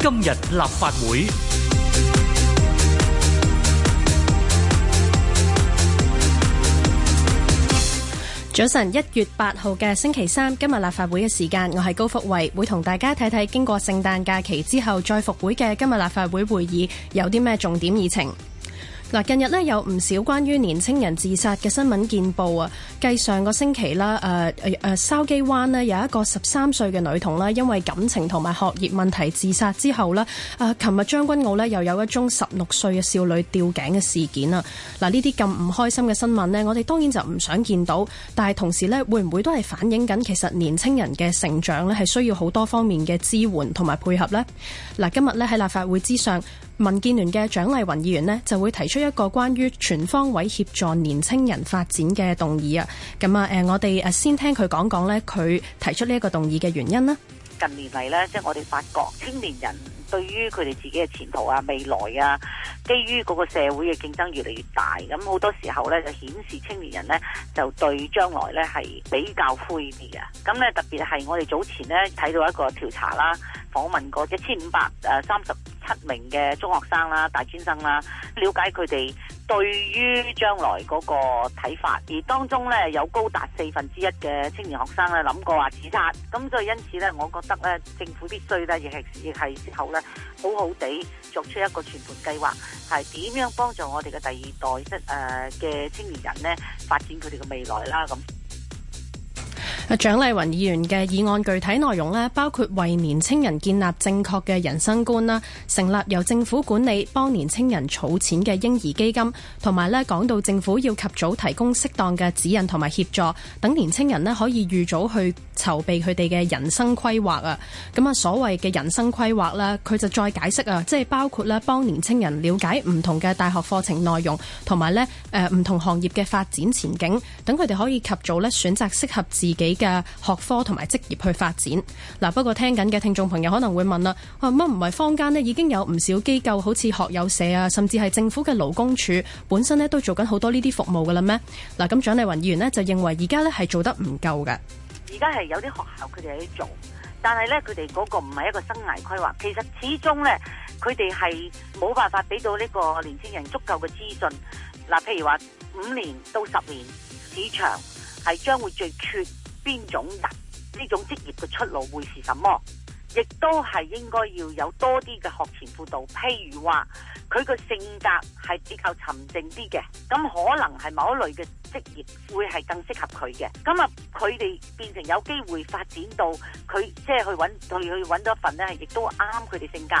今日立法會早晨，一月八號嘅星期三，今日立法會嘅時間，我係高福慧，會同大家睇睇經過聖誕假期之後再復會嘅今日立法會會議有啲咩重點議程。嗱，近日呢有唔少關於年青人自殺嘅新聞見報啊！繼上個星期啦，誒誒誒，筲箕灣呢有一個十三歲嘅女童啦，因為感情同埋學業問題自殺之後呢啊，琴日將軍澳呢又有一宗十六歲嘅少女吊頸嘅事件啊！嗱，呢啲咁唔開心嘅新聞呢，我哋當然就唔想見到，但係同時呢會唔會都係反映緊其實年青人嘅成長呢係需要好多方面嘅支援同埋配合呢？嗱，啊，今日呢喺立法會之上。民建聯嘅蔣麗雲議員呢，就會提出一個關於全方位協助年青人發展嘅動議啊。咁啊，誒，我哋誒先聽佢講講咧，佢提出呢一個動議嘅原因啦。近年嚟咧，即係我哋發覺青年人對於佢哋自己嘅前途啊、未來啊，基於嗰個社會嘅競爭越嚟越大，咁好多時候咧就顯示青年人咧就對將來咧係比較灰滅嘅。咁咧特別係我哋早前咧睇到一個調查啦，訪問過一千五百誒三十七名嘅中學生啦、大專生啦，了解佢哋對於將來嗰個睇法，而當中咧有高達四分之一嘅青年學生咧諗過話自殺，咁所以因此咧，我覺得咧，政府必須咧，亦係亦係之後咧，好好地作出一個全盤計劃，係點樣幫助我哋嘅第二代即係誒嘅青年人咧發展佢哋嘅未來啦咁。蔣麗雲議員嘅議案具體內容咧包括為年青人建立正確嘅人生觀啦，成立由政府管理幫年青人儲錢嘅嬰兒基金，同埋咧講到政府要及早提供適當嘅指引同埋協助，等年青人咧可以預早去籌備佢哋嘅人生規劃啊。咁啊，所謂嘅人生規劃咧，佢就再解釋啊，即係包括咧幫年青人了解唔同嘅大學課程內容，同埋咧誒唔同行業嘅發展前景，等佢哋可以及早咧選擇適合自己。嘅學科同埋職業去發展嗱，不過聽緊嘅聽眾朋友可能會問啦，話乜唔係坊間咧已經有唔少機構，好似學友社啊，甚至係政府嘅勞工處本身咧都做緊好多呢啲服務噶啦咩嗱？咁蔣麗雲議員咧就認為而家咧係做得唔夠嘅，而家係有啲學校佢哋喺度做，但係咧佢哋嗰個唔係一個生涯規劃，其實始終咧佢哋係冇辦法俾到呢個年輕人足夠嘅資訊嗱，譬如話五年到十年市場係將會最缺。邊種人，呢種職業嘅出路會是什麼？亦都係應該要有多啲嘅學前輔導，譬如話佢嘅性格係比較沉靜啲嘅，咁可能係某一類嘅職業會係更適合佢嘅。咁啊，佢哋變成有機會發展到佢即係去揾，去去揾到一份咧，亦都啱佢哋性格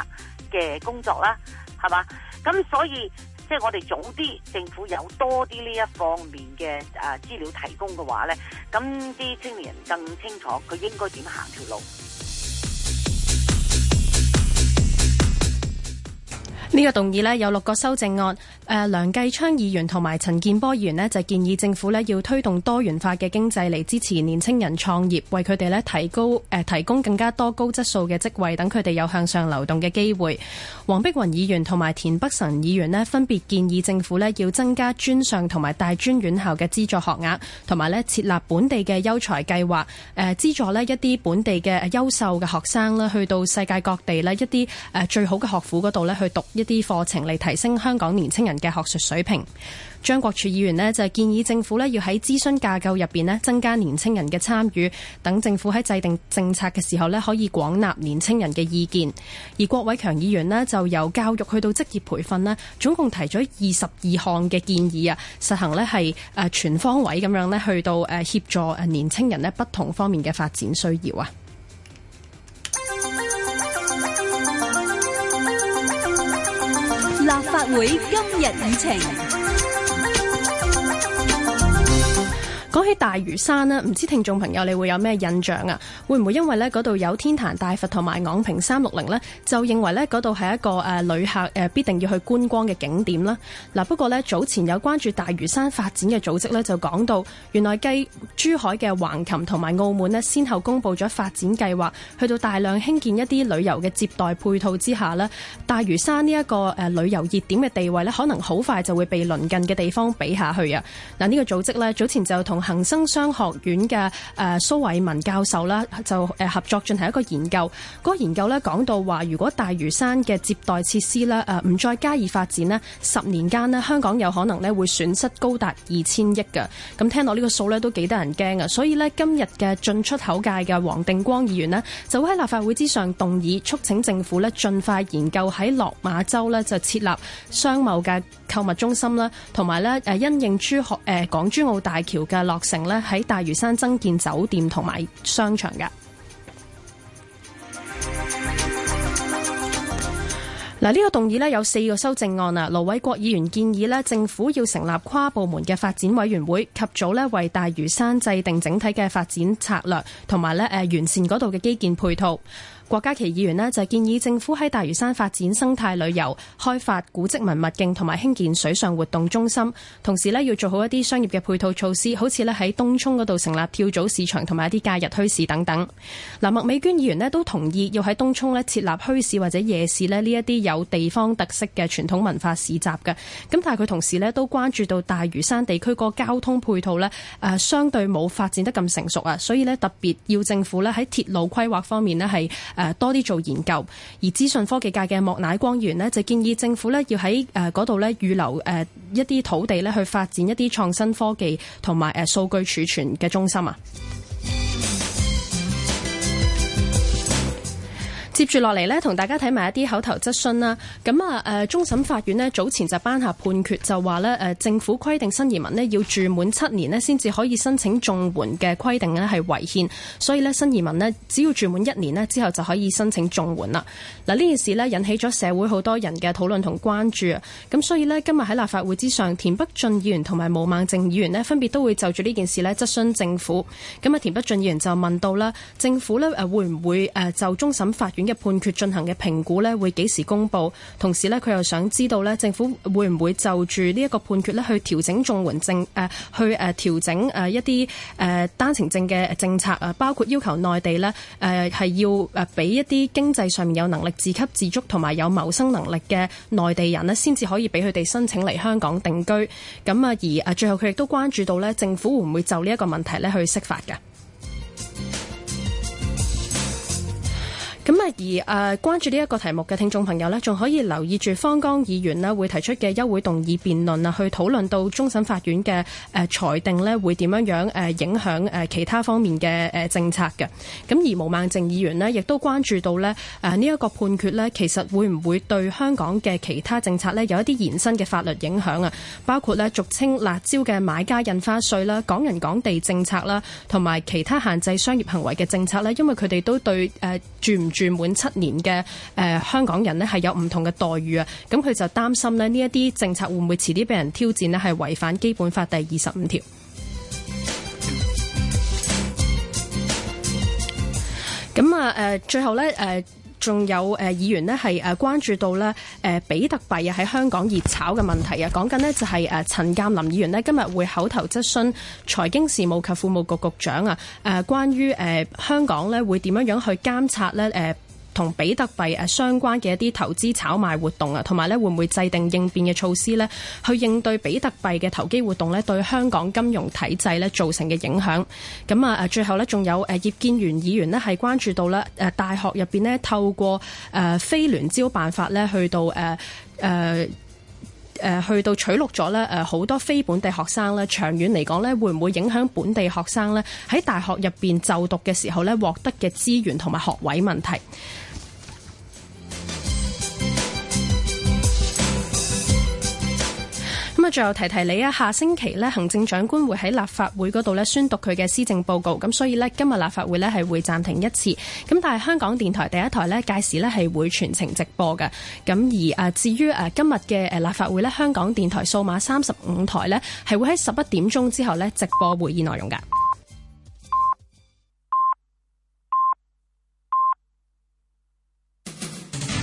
嘅工作啦，係嘛？咁所以。即係我哋早啲，政府有多啲呢一方面嘅啊資料提供嘅話咧，咁啲青年人更清楚佢應該點行條路。呢、這個動議呢，有六個修正案。誒，梁繼昌議員同埋陳建波議員呢，就建議政府呢要推動多元化嘅經濟嚟支持年青人創業，為佢哋呢提高誒、呃、提供更加多高質素嘅職位，等佢哋有向上流動嘅機會。黃碧雲議員同埋田北辰議員呢，分別建議政府呢要增加專上同埋大專院校嘅資助學額，同埋呢設立本地嘅優才計劃，誒、呃、資助呢一啲本地嘅優秀嘅學生呢去到世界各地呢一啲誒最好嘅學府嗰度呢去讀一啲課程嚟提升香港年青人嘅學術水平。張國柱議員呢，就建議政府呢要喺諮詢架構入面呢增加年青人嘅參與，等政府喺制定政策嘅時候呢可以廣納年青人嘅意見。而郭偉強議員呢，就由教育去到職業培訓呢，總共提咗二十二項嘅建議啊，實行呢係全方位咁樣呢去到誒協助年青人呢不同方面嘅發展需要啊。法會今日雨情。講起大嶼山呢？唔知聽眾朋友你會有咩印象啊？會唔會因為呢嗰度有天壇大佛同埋昂坪三六零呢，就認為呢嗰度係一個誒旅客必定要去觀光嘅景點啦？嗱，不過呢，早前有關注大嶼山發展嘅組織呢，就講到，原來繼珠海嘅橫琴同埋澳門呢，先後公布咗發展計劃，去到大量興建一啲旅遊嘅接待配套之下呢，大嶼山呢一個旅遊熱點嘅地位呢，可能好快就會被鄰近嘅地方比下去啊！嗱，呢個組織呢，早前就同恒生商學院嘅誒蘇偉文教授啦。就合作進行一個研究，嗰個研究咧講到話，如果大嶼山嘅接待設施咧，誒唔再加以發展咧，十年間咧，香港有可能咧會損失高達二千億嘅。咁聽落呢個數咧都幾得人驚啊！所以咧，今日嘅進出口界嘅黃定光議員咧，就會喺立法會之上動議促請政府咧，盡快研究喺落馬洲咧就設立商貿嘅購物中心啦，同埋咧，誒因應珠澳誒港珠澳大橋嘅落成咧，喺大嶼山增建酒店同埋商場嘅。嗱，呢個動議呢有四個修正案啊。盧偉國議員建議呢政府要成立跨部門嘅發展委員會，及早呢為大嶼山制定整體嘅發展策略，同埋呢誒完善嗰度嘅基建配套。郭家麒議員呢，就建議政府喺大嶼山發展生態旅遊、開發古蹟文物徑同埋興建水上活動中心，同時呢，要做好一啲商業嘅配套措施，好似呢喺東涌嗰度成立跳蚤市場同埋一啲假日墟市等等。嗱，麥美娟議員呢都同意要喺東涌呢設立墟市或者夜市呢，呢一啲有地方特色嘅傳統文化市集嘅。咁但係佢同時呢都關注到大嶼山地區個交通配套呢，誒，相對冇發展得咁成熟啊，所以呢，特別要政府呢喺鐵路規劃方面呢係。誒多啲做研究，而資訊科技界嘅莫乃光議員呢，就建議政府呢要喺嗰度呢預留一啲土地呢去發展一啲創新科技同埋誒數據儲存嘅中心啊。接住落嚟呢，同大家睇埋一啲口頭質詢啦。咁啊，終審法院呢，早前就頒下判決，就話呢政府規定新移民呢要住滿七年呢先至可以申請綜援嘅規定呢係違憲，所以呢，新移民呢只要住滿一年呢之後就可以申請綜援啦。嗱呢件事呢引起咗社會好多人嘅討論同關注啊。咁所以呢，今日喺立法會之上，田北俊議員同埋毛孟靜議員呢分別都會就住呢件事呢質詢政府。咁啊田北俊議員就問到啦，政府呢誒會唔會誒就終審法院嘅判決進行嘅評估咧，會幾時公佈？同時呢，佢又想知道咧，政府會唔會就住呢一個判決咧，去調整綜援政誒，去誒調整誒一啲誒單程證嘅政策啊？包括要求內地咧誒，係要誒俾一啲經濟上面有能力自給自足同埋有謀生能力嘅內地人咧，先至可以俾佢哋申請嚟香港定居。咁啊，而啊，最後佢亦都關注到咧，政府會唔會就呢一個問題咧去釋法嘅？咁啊，而誒關注呢一個題目嘅聽眾朋友咧，仲可以留意住方剛議員咧會提出嘅休會動議辯論啊，去討論到終審法院嘅誒裁定咧會點樣樣誒影響誒其他方面嘅誒政策嘅。咁而毛孟靜議員咧，亦都關注到咧誒呢一個判決咧，其實會唔會對香港嘅其他政策咧有一啲延伸嘅法律影響啊？包括咧俗稱辣椒嘅買家印花稅啦、港人港地政策啦，同埋其他限制商業行為嘅政策咧，因為佢哋都對誒住唔？住滿七年嘅誒、呃、香港人咧，係有唔同嘅待遇啊！咁佢就擔心咧，呢一啲政策會唔會遲啲畀人挑戰咧？係違反基本法第二十五條。咁啊誒，最後呢。誒、呃。仲有誒議員呢係關注到咧誒比特幣啊，喺香港熱炒嘅問題啊，講緊呢就係誒陳鑑林議員呢，今日會口頭質詢財經事務及庫務局局，局長啊誒，關於香港咧會點樣去監察咧同比特幣誒相關嘅一啲投資炒賣活動啊，同埋咧會唔會制定應變嘅措施咧，去應對比特幣嘅投機活動咧，對香港金融體制咧造成嘅影響。咁啊誒，最後咧仲有誒葉建源議員咧，係關注到咧誒大學入邊咧透過誒非聯招辦法咧去到誒誒誒去到取錄咗咧誒好多非本地學生咧，長遠嚟講咧會唔會影響本地學生咧喺大學入邊就讀嘅時候咧獲得嘅資源同埋學位問題？仲有提提你啊，下星期咧，行政長官會喺立法會嗰度咧宣讀佢嘅施政報告，咁所以咧今日立法會咧係會暫停一次，咁但係香港電台第一台咧屆時咧係會全程直播嘅，咁而誒至於誒今日嘅誒立法會咧，香港電台數碼三十五台咧係會喺十一點鐘之後咧直播會議內容噶。